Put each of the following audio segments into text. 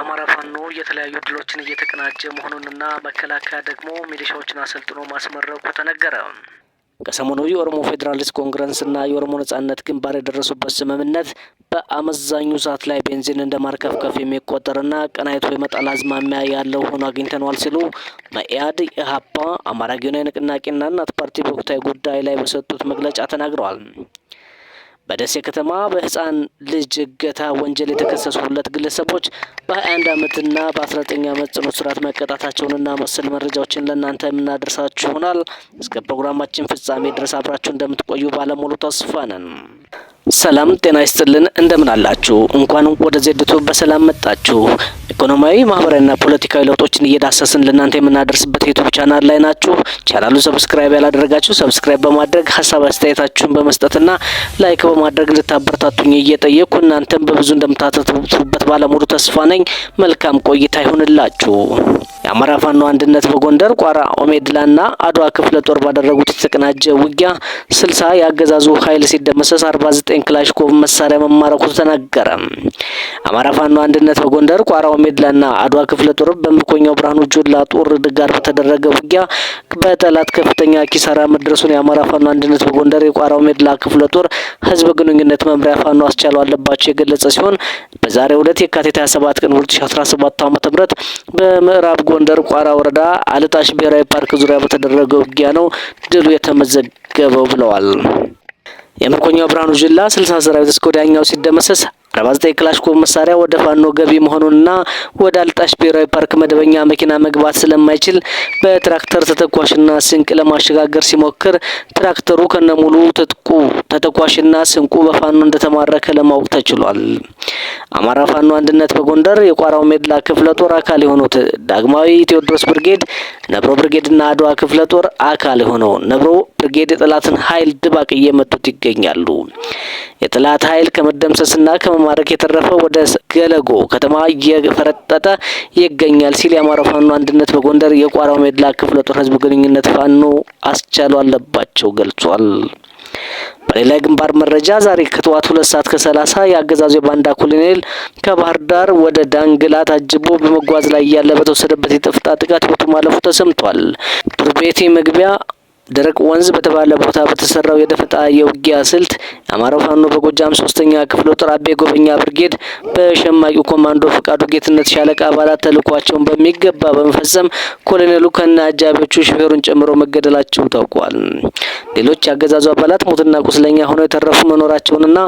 አማራ ፋኖ የተለያዩ ድሎችን እየተቀናጀ መሆኑንና መከላከያ ደግሞ ሚሊሻዎችን አሰልጥኖ ማስመረቁ ተነገረ። ከሰሞኑ የኦሮሞ ፌዴራሊስት ኮንግረስና የኦሮሞ ነጻነት ግንባር የደረሱበት ስምምነት በአመዛኙ ሰዓት ላይ ቤንዚን እንደ ማርከፍከፍ የሚቆጠርና ቀናይቶ የመጣል አዝማሚያ ያለው ሆኖ አግኝተነዋል ሲሉ መኢአድ፣ ኢህአፓ፣ አማራ ጊዮናዊ ንቅናቄና እናት ፓርቲ በወቅታዊ ጉዳይ ላይ በሰጡት መግለጫ ተናግረዋል። በደሴ ከተማ በህፃን ልጅ እገታ ወንጀል የተከሰሱ ሁለት ግለሰቦች በ21 ዓመትና በ19 ዓመት ጽኑ እስራት መቀጣታቸውንና መሰል መረጃዎችን ለእናንተ የምናደርሳችሁ ይሆናል። እስከ ፕሮግራማችን ፍጻሜ ድረስ አብራችሁ እንደምትቆዩ ባለሙሉ ተስፋ ነን። ሰላም ጤና ይስጥልን፣ እንደምን አላችሁ? እንኳን ወደ ዜድቱ በሰላም መጣችሁ። ኢኮኖሚያዊ ማህበራዊና ፖለቲካዊ ለውጦችን እየዳሰስን ለእናንተ የምናደርስበት ዩቱብ ቻናል ላይ ናችሁ። ቻናሉ ሰብስክራይብ ያላደረጋችሁ ሰብስክራይብ በማድረግ ሀሳብ አስተያየታችሁን በመስጠትና ላይክ በማድረግ እንድታበረታቱኝ እየጠየኩ እናንተም በብዙ እንደምታተቱበት ባለሙሉ ተስፋ ነኝ። መልካም ቆይታ ይሁንላችሁ። የአማራ ፋኖ አንድነት በጎንደር ቋራ ኦሜድላና አድዋ ክፍለ ጦር ባደረጉት የተቀናጀ ውጊያ ስልሳ የአገዛዙ ኃይል ሲደመሰስ አርባ ዘጠኝ ክላሽኮቭ መሳሪያ መማረኩ ተነገረ። አማራ ፋኖ አንድነት በጎንደር ቋራ ኦሜድላና አድዋ ክፍለ ጦር በምርኮኛው ብርሃኑ ጁላ ጦር ጋር በተደረገ ውጊያ በጠላት ከፍተኛ ኪሳራ መድረሱን የአማራ ፋኖ አንድነት በጎንደር የቋራ ኦሜድላ ክፍለ ጦር ህዝብ ግንኙነት መምሪያ ፋኖ አስቻለው አለባቸው የገለጸ ሲሆን በዛሬው ዕለት የካቲት 27 ቀን 2017 ዓ.ም በምዕራብ ጎንደር ቋራ ወረዳ አልጣሽ ብሔራዊ ፓርክ ዙሪያ በተደረገው ውጊያ ነው ድሉ የተመዘገበው ብለዋል። የምርኮኛው ብርሃኑ ጅላ ስልሳ ሰራዊት እስከ ወዲያኛው ሲደመሰስ 49 ክላሽኮቭ መሳሪያ ወደ ፋኖ ገቢ መሆኑንና ወደ አልጣሽ ብሔራዊ ፓርክ መደበኛ መኪና መግባት ስለማይችል በትራክተር ተተኳሽና ስንቅ ለማሸጋገር ሲሞክር ትራክተሩ ከነሙሉ ትጥቁ ተተኳሽና ስንቁ በፋኖ እንደተማረከ ለማወቅ ተችሏል። አማራ ፋኖ አንድነት በጎንደር የቋራው ሜድላ ክፍለ ጦር አካል የሆኑት ዳግማዊ ቴዎድሮስ ብርጌድ፣ ነብሮ ብርጌድና አድዋ ክፍለ ጦር አካል የሆነው ነብሮ ብርጌድ የጠላትን ኃይል ድባቅ እየመቱት ይገኛሉ። የጠላት ኃይል ከመደምሰስና ከመ ከማድረግ የተረፈው ወደ ገለጎ ከተማ እየፈረጠጠ ይገኛል ሲል የአማራ ፋኖ አንድነት በጎንደር የቋራው ሜድላ ክፍለ ጦር ህዝብ ግንኙነት ፋኖ አስቻሉ አለባቸው ገልጿል። በሌላ የግንባር መረጃ ዛሬ ከጠዋት ሁለት ሰዓት ከሰላሳ የአገዛዙ የባንዳ ኮሎኔል ከባህር ዳር ወደ ዳንግላ ታጅቦ በመጓዝ ላይ እያለ በተወሰደበት የጥፍጣ ጥቃት ህይወቱ ማለፉ ተሰምቷል። ዱር መግቢያ ደረቅ ወንዝ በተባለ ቦታ በተሰራው የደፈጣ የውጊያ ስልት የአማራው ፋኖ በጎጃም ሶስተኛ ክፍለ ጦር አቤ ጎበኛ ብርጌድ በሸማቂው ኮማንዶ ፈቃዱ ጌትነት ሻለቃ አባላት ተልኳቸውን በሚገባ በመፈጸም ኮሎኔሉ ከነ አጃቢዎቹ ሹፌሩን ጨምሮ መገደላቸው ታውቋል። ሌሎች አገዛዙ አባላት ሞትና ቁስለኛ ሆነው የተረፉ መኖራቸውንና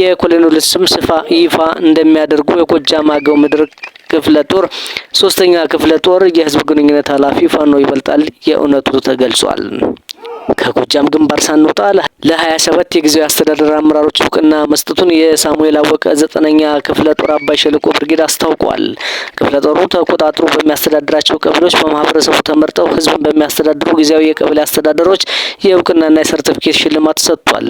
የኮሎኔሉ ስም ስፋ ይፋ እንደሚያደርጉ የጎጃም አገው ምድር ክፍለ ጦር ሶስተኛ ክፍለ ጦር የህዝብ ግንኙነት ኃላፊ ፋኖ ይበልጣል የእውነቱ ተገልጿል። ከጎጃም ግንባር ሳንወጣ ለሀያ ሰባት የጊዜያዊ አስተዳደር አመራሮች እውቅና መስጠቱን የሳሙኤል አወቀ ዘጠነኛ ክፍለ ጦር አባይ ሸለቆ ብርጌድ አስታውቋል። ክፍለ ጦሩ ተቆጣጥሮ በሚያስተዳድራቸው ቀበሌዎች በማህበረሰቡ ተመርጠው ህዝብን በሚያስተዳድሩ ጊዜያዊ የቀበሌ አስተዳደሮች የእውቅናና የሰርቲፊኬት ሽልማት ሰጥቷል።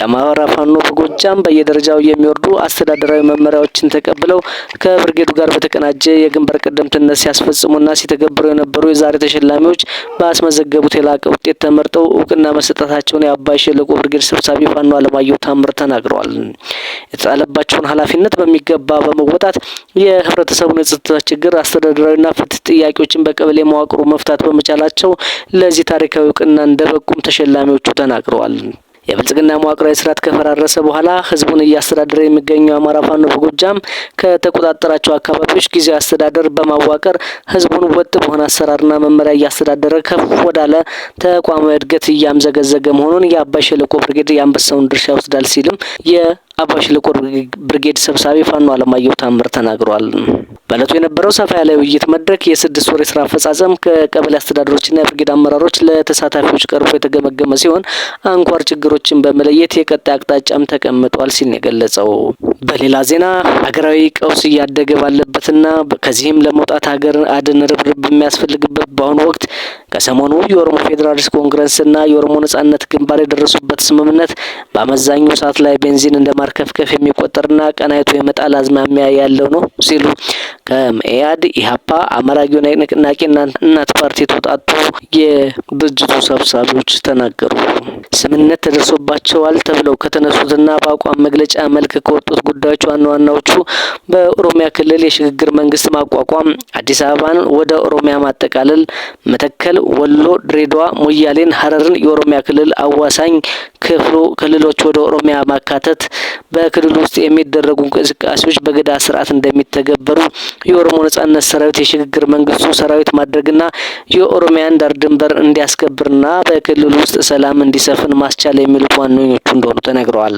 የአማራ ፋኖ በጎጃም በየደረጃው የሚወርዱ አስተዳደራዊ መመሪያዎችን ተቀብለው ከብርጌዱ ጋር በተቀናጀ የግንባር ቀደምትነት ሲያስፈጽሙና ሲተገብሩ የነበሩ የዛሬ ተሸላሚዎች ባስመዘገቡት የላቀ ውጤት ተመርጠው ተገኝተው እውቅና መሰጠታቸውን የአባይ ሸለቆ ብርጌድ ሰብሳቢ ፋኖ አለማየሁ ታምር ተናግረዋል። የተጣለባቸውን ኃላፊነት በሚገባ በመወጣት የህብረተሰቡን የጸጥታ ችግር አስተዳደራዊና ፍትህ ጥያቄዎችን በቀበሌ መዋቅሩ መፍታት በመቻላቸው ለዚህ ታሪካዊ እውቅና እንደበቁም ተሸላሚዎቹ ተናግረዋል። የብልጽግና መዋቅራዊ ስርዓት ከፈራረሰ በኋላ ህዝቡን እያስተዳደረ የሚገኘው አማራ ፋኖ በጎጃም ከተቆጣጠራቸው አካባቢዎች ጊዜያዊ አስተዳደር በማዋቀር ህዝቡን ወጥ በሆነ አሰራርና መመሪያ እያስተዳደረ ከፍ ወዳለ ተቋማዊ እድገት እያምዘገዘገ መሆኑን የአባይ ሸለቆ ብርጌድ የአንበሳውን ድርሻ ይወስዳል ሲልም አባሽ ልቁር ብርጌድ ሰብሳቢ ፋኖ አለማየሁ ታምር ተናግሯል በእለቱ የነበረው ሰፋ ያለ ውይይት መድረክ የስድስት ወር የስራ አፈጻጸም ከቀበሌ አስተዳደሮችና የብርጌድ አመራሮች ለተሳታፊዎች ቀርቦ የተገመገመ ሲሆን አንኳር ችግሮችን በመለየት የቀጣይ አቅጣጫም ተቀምጧል ሲል የገለጸው። በሌላ ዜና ሀገራዊ ቀውስ እያደገ ባለበትና ከዚህም ለመውጣት ሀገር አድን ርብርብ የሚያስፈልግበት በአሁኑ ወቅት ከሰሞኑ የኦሮሞ ፌዴራሊስት ኮንግረስና የኦሮሞ ነጻነት ግንባር የደረሱበት ስምምነት በአመዛኙ ሰዓት ላይ ቤንዚን እንደ ማርከፍከፍ የሚቆጠርና ቀናይቱ የመጣል አዝማሚያ ያለው ነው ሲሉ ከመኢአድ፣ ኢህአፓ፣ አማራጊው ንቅናቄና እናት ፓርቲ የተውጣጡ የድርጅቱ ሰብሳቢዎች ተናገሩ። ስምምነት ተደርሶባቸዋል ተብለው ከተነሱትና በአቋም መግለጫ መልክ ከወጡት ጉዳዮች ዋና ዋናዎቹ በኦሮሚያ ክልል የሽግግር መንግስት ማቋቋም፣ አዲስ አበባን ወደ ኦሮሚያ ማጠቃለል፣ መተከል ወሎ፣ ድሬዳዋ፣ ሞያሌን፣ ሀረርን፣ የኦሮሚያ ክልል አዋሳኝ ክፍሉ ክልሎች ወደ ኦሮሚያ ማካተት በክልሉ ውስጥ የሚደረጉ እንቅስቃሴዎች በገዳ ስርዓት እንደሚተገበሩ የኦሮሞ ነጻነት ሰራዊት የሽግግር መንግስቱ ሰራዊት ማድረግና የኦሮሚያን ዳር ድንበር እንዲያስከብርና በክልሉ ውስጥ ሰላም እንዲሰፍን ማስቻል የሚሉት ዋነኞቹ እንደሆኑ ተነግረዋል።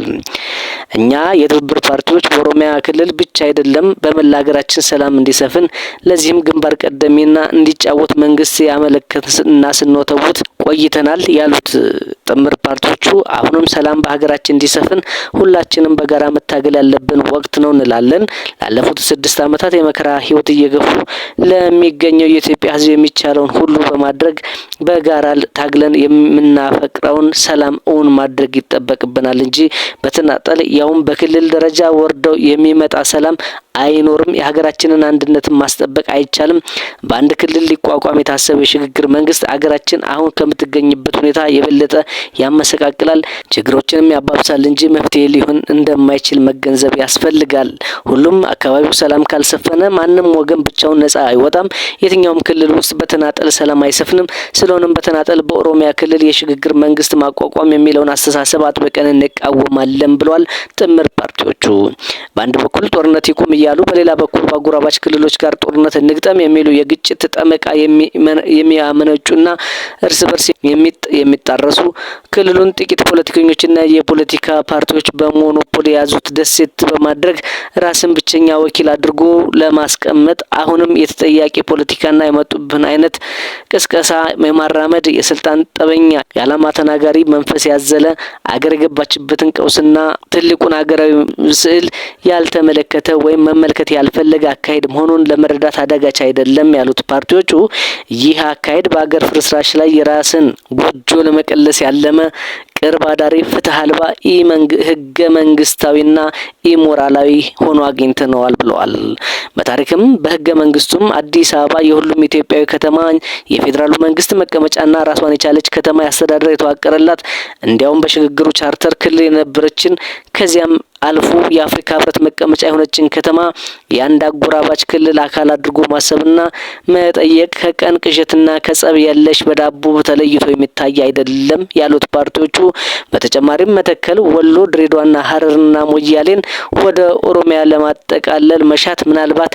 እኛ የትብብር ፓርቲዎች በኦሮሚያ ክልል ብቻ አይደለም በመላ ሀገራችን ሰላም እንዲሰፍን ለዚህም ግንባር ቀደሚና እንዲጫወት መንግስት ያመለከትና ስንወተውት ቆይተናል ያሉት ጥምር ፓርቲዎቹ አሁንም ሰላም በሀገራችን እንዲሰፍን ሁላችንም በጋራ መታገል ያለብን ወቅት ነው እንላለን። ላለፉት ስድስት ዓመታት የመከራ ህይወት እየገፉ ለሚገኘው የኢትዮጵያ ህዝብ የሚቻለውን ሁሉ በማድረግ በጋራ ታግለን የምናፈቅ የቀጠናውን ሰላም እውን ማድረግ ይጠበቅብናል እንጂ በተናጠል ያውም በክልል ደረጃ ወርደው የሚመጣ ሰላም አይኖርም። የሀገራችንን አንድነት ማስጠበቅ አይቻልም። በአንድ ክልል ሊቋቋም የታሰበ የሽግግር መንግስት አገራችን አሁን ከምትገኝበት ሁኔታ የበለጠ ያመሰቃቅላል፣ ችግሮችንም ያባብሳል እንጂ መፍትሄ ሊሆን እንደማይችል መገንዘብ ያስፈልጋል። ሁሉም አካባቢው ሰላም ካልሰፈነ ማንም ወገን ብቻውን ነጻ አይወጣም። የትኛውም ክልል ውስጥ በተናጠል ሰላም አይሰፍንም። ስለሆነም በተናጠል በኦሮሚያ ክልል የሽግግር መንግስት መንግስት ማቋቋም የሚለውን አስተሳሰብ አጥብቀን እንቃወማለን ብሏል። ጥምር ፓርቲዎቹ በአንድ በኩል ጦርነት ይቁም እያሉ፣ በሌላ በኩል በአጎራባች ክልሎች ጋር ጦርነት እንግጠም የሚሉ የግጭት ጠመቃ የሚያመነጩና እርስ በርስ የሚጣረሱ ክልሉን ጥቂት ፖለቲከኞችና የፖለቲካ ፓርቲዎች በሞኖፖል የያዙት ደሴት በማድረግ ራስን ብቸኛ ወኪል አድርጎ ለማስቀመጥ አሁንም የተጠያቂ ፖለቲካና የመጡብን አይነት ቅስቀሳ የማራመድ የስልጣን ጠበኛ የዓላማ ተናጋሪ መንፈስ ያዘለ አገር የገባችበትን ቀውስና ትልቁን አገራዊ ስዕል ያልተመለከተ ወይም መመልከት ያልፈለገ አካሄድ መሆኑን ለመረዳት አዳጋች አይደለም ያሉት ፓርቲዎቹ ይህ አካሄድ በአገር ፍርስራሽ ላይ የራስን ጎጆ ለመቀለስ ያለመ ቅርብ አዳሪ ፍትህ አልባ ህገ መንግስታዊና ኢሞራላዊ ሆኖ አግኝተነዋል ብለዋል። በታሪክም በህገ መንግስቱም አዲስ አበባ የሁሉም ኢትዮጵያዊ ከተማ፣ የፌዴራሉ መንግስት መቀመጫና ራሷን የቻለች ከተማ የአስተዳደር የተዋቀረላት እንዲያውም በሽግግሩ ቻርተር ክልል የነበረችን ከዚያም አልፎ የአፍሪካ ህብረት መቀመጫ የሆነችን ከተማ የአንድ አጎራባች ክልል አካል አድርጎ ማሰብና መጠየቅ ከቀን ቅዠትና ከጸብ ያለሽ በዳቦ ተለይቶ የሚታይ አይደለም ያሉት ፓርቲዎቹ በተጨማሪም መተከል፣ ወሎ፣ ድሬዳዋና ሀረርና ሞያሌን ወደ ኦሮሚያ ለማጠቃለል መሻት ምናልባት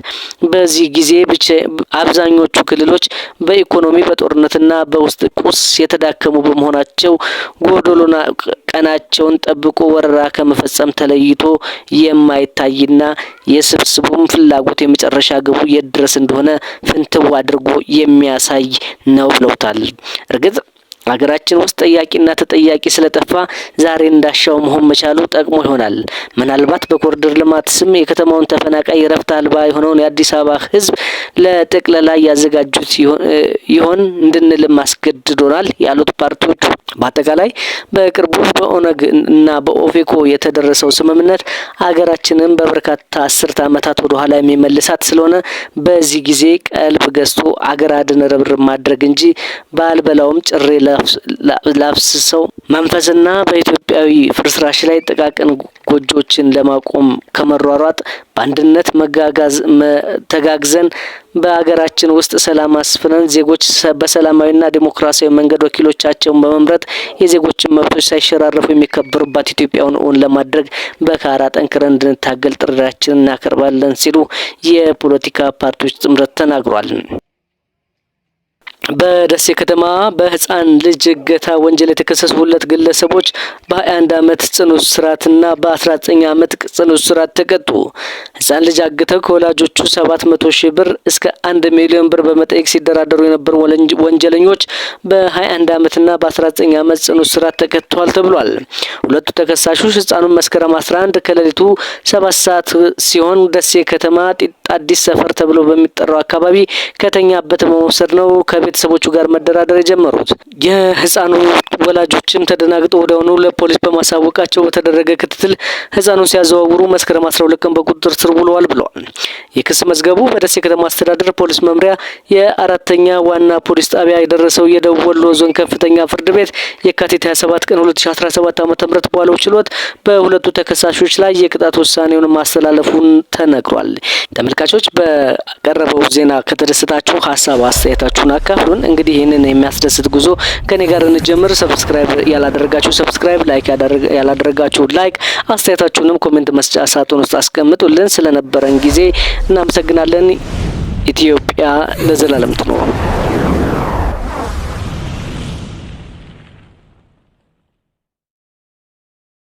በዚህ ጊዜ አብዛኞቹ ክልሎች በኢኮኖሚ በጦርነትና በውስጥ ቁስ የተዳከሙ በመሆናቸው ጎዶሎና ቀናቸውን ጠብቆ ወረራ ከመፈጸም ተለይቶ ተለይቶ የማይታይና የስብስቡም ፍላጎት የመጨረሻ ግቡ የት ድረስ እንደሆነ ፍንትው አድርጎ የሚያሳይ ነው ብለውታል። እርግጥ አገራችን ውስጥ ጠያቂና ተጠያቂ ስለጠፋ ዛሬ እንዳሻው መሆን መቻሉ ጠቅሞ ይሆናል። ምናልባት በኮሪደር ልማት ስም የከተማውን ተፈናቃይ ረፍት አልባ የሆነውን የአዲስ አበባ ሕዝብ ለጠቅለላ ያዘጋጁት ይሆን እንድንልም አስገድዶናል ያሉት ፓርቲዎቹ በአጠቃላይ በቅርቡ በኦነግ እና በኦፌኮ የተደረሰው ስምምነት አገራችንን በበርካታ አስርተ ዓመታት ወደ ኋላ የሚመልሳት ስለሆነ በዚህ ጊዜ ቀልብ ገዝቶ አገር አድን ርብርብ ማድረግ እንጂ ባልበላውም ጭሬ ለ ላብስሰው መንፈስና በኢትዮጵያዊ ፍርስራሽ ላይ ጥቃቅን ጎጆችን ለማቆም ከመሯሯጥ በአንድነት ተጋግዘን በሀገራችን ውስጥ ሰላም አስፍነን ዜጎች በሰላማዊና ዴሞክራሲያዊ መንገድ ወኪሎቻቸውን በመምረጥ የዜጎችን መብቶች ሳይሸራረፉ የሚከበሩባት ኢትዮጵያውን እውን ለማድረግ በካራ ጠንክረን እንድንታገል ጥሪያችንን እናቀርባለን ሲሉ የፖለቲካ ፓርቲዎች ጥምረት ተናግሯል። በደሴ ከተማ በህፃን ልጅ እገታ ወንጀል የተከሰሱ ሁለት ግለሰቦች በ21 ዓመት ጽኑ እስራትና በ19 ዓመት ጽኑ እስራት ተቀጡ። ህፃን ልጅ አግተው ከወላጆቹ 700 ሺህ ብር እስከ 1 ሚሊዮን ብር በመጠየቅ ሲደራደሩ የነበሩ ወንጀለኞች በ21 ዓመትና በ19 ዓመት ጽኑ እስራት ተቀጥተዋል ተብሏል። ሁለቱ ተከሳሾች ህፃኑን መስከረም 11 ከሌሊቱ ሰባት ሰዓት ሲሆን ደሴ ከተማ ጢ አዲስ ሰፈር ተብሎ በሚጠራው አካባቢ ከተኛበት በመውሰድ ነው ከቤተሰቦቹ ጋር መደራደር የጀመሩት። የህፃኑ ወላጆችም ተደናግጦ ወዲያውኑ ለፖሊስ በማሳወቃቸው በተደረገ ክትትል ህፃኑን ሲያዘዋውሩ መስከረም አስራ ሁለት ቀን በቁጥጥር ስር ውለዋል ብለዋል። የክስ መዝገቡ በደሴ ከተማ አስተዳደር ፖሊስ መምሪያ የአራተኛ ዋና ፖሊስ ጣቢያ የደረሰው የደቡብ ወሎ ዞን ከፍተኛ ፍርድ ቤት የካቲት 27 ቀን 2017 ዓ.ም በዋለው ችሎት በሁለቱ ተከሳሾች ላይ የቅጣት ውሳኔውን ማስተላለፉን ተነግሯል። ተመልካቾች በቀረበው ዜና ከተደሰታችሁ ሀሳብ አስተያየታችሁን አካፍሉን። እንግዲህ ይህንን የሚያስደስት ጉዞ ከኔ ጋር እንጀምር። ሰብስክራይብ ያላደረጋችሁ ሰብስክራይብ፣ ላይክ ያላደረጋችሁ ላይክ፣ አስተያየታችሁንም ኮሜንት መስጫ ሳጥን ውስጥ አስቀምጡልን። ስለነበረን ጊዜ እናመሰግናለን። ኢትዮጵያ ለዘላለም ትኖር።